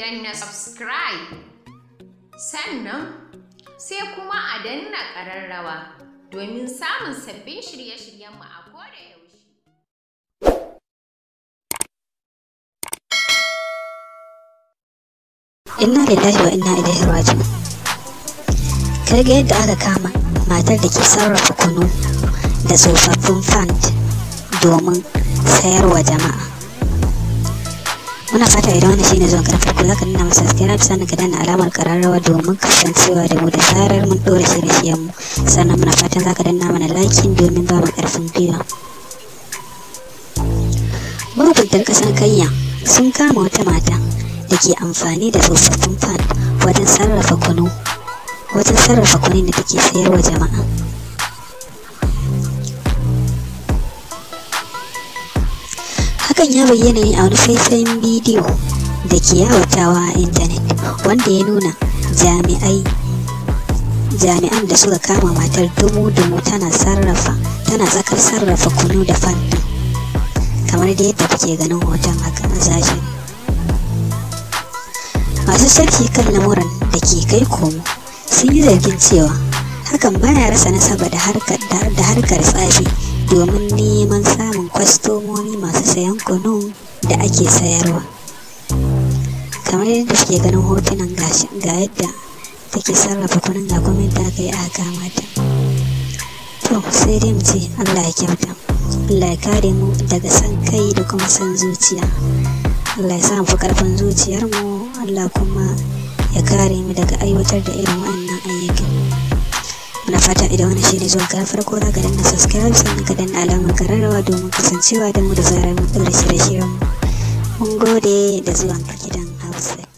danna subscribe sannan sai kuma a danna ƙararrawa domin samun sabbin shirye-shiryenmu a koda yaushe. Inna lillahi wa inna ilaihi raji. Karga yadda aka kama matar da ke sarrafa kunu da tsofaffin fand domin sayarwa jama'a. muna fata idan wani shine zuwan karfar ko zaka nuna masa subscribe sannan ka danna alamar kararrawa domin kasancewa da mu da zarar mun dora shirye shiryenmu sannan muna fatan zaka danna mana lakin domin ba mu karfin gwiwa mahukuntan kasar kenya sun kama wata mata da ke amfani da tsofaffin fan wajen sarrafa kunu wajen sarrafa kunun da take sayarwa jama'a hakan ya bayyana a wani faifayin bidiyo da ke yawatawa a intanet wanda ya nuna jami'ai jami'an da suka kama matar dubu dubu tana tsakar sarrafa kunu da fanta kamar da yadda kuke ganin hoton haka a sashen masu sarki kan lamuran da ke kai komo sun yi zargin cewa hakan baya rasa nasaba da harkar tsafi domin neman samun kwastomomi masu sayan kunu da ake sayarwa kamar yadda suke ganin hotunan gashi ga yadda take sarrafa kunun da kuma yadda aka yi aka mata to sai dai mu ce allah ya kyauta allah ya kare mu daga san kai da kuma san zuciya allah ya sa mu karfin zuciyarmu allah kuma ya kare mu daga aiwatar da irin wannan. fata idan wani shiri zuwa ka farko za ka danna subscribe sannan ka danna alamar kararrawa domin kasancewa da mu da zarar mun ɗora shirye-shiryen mu. Mun gode da zuwan ka gidan Hausa.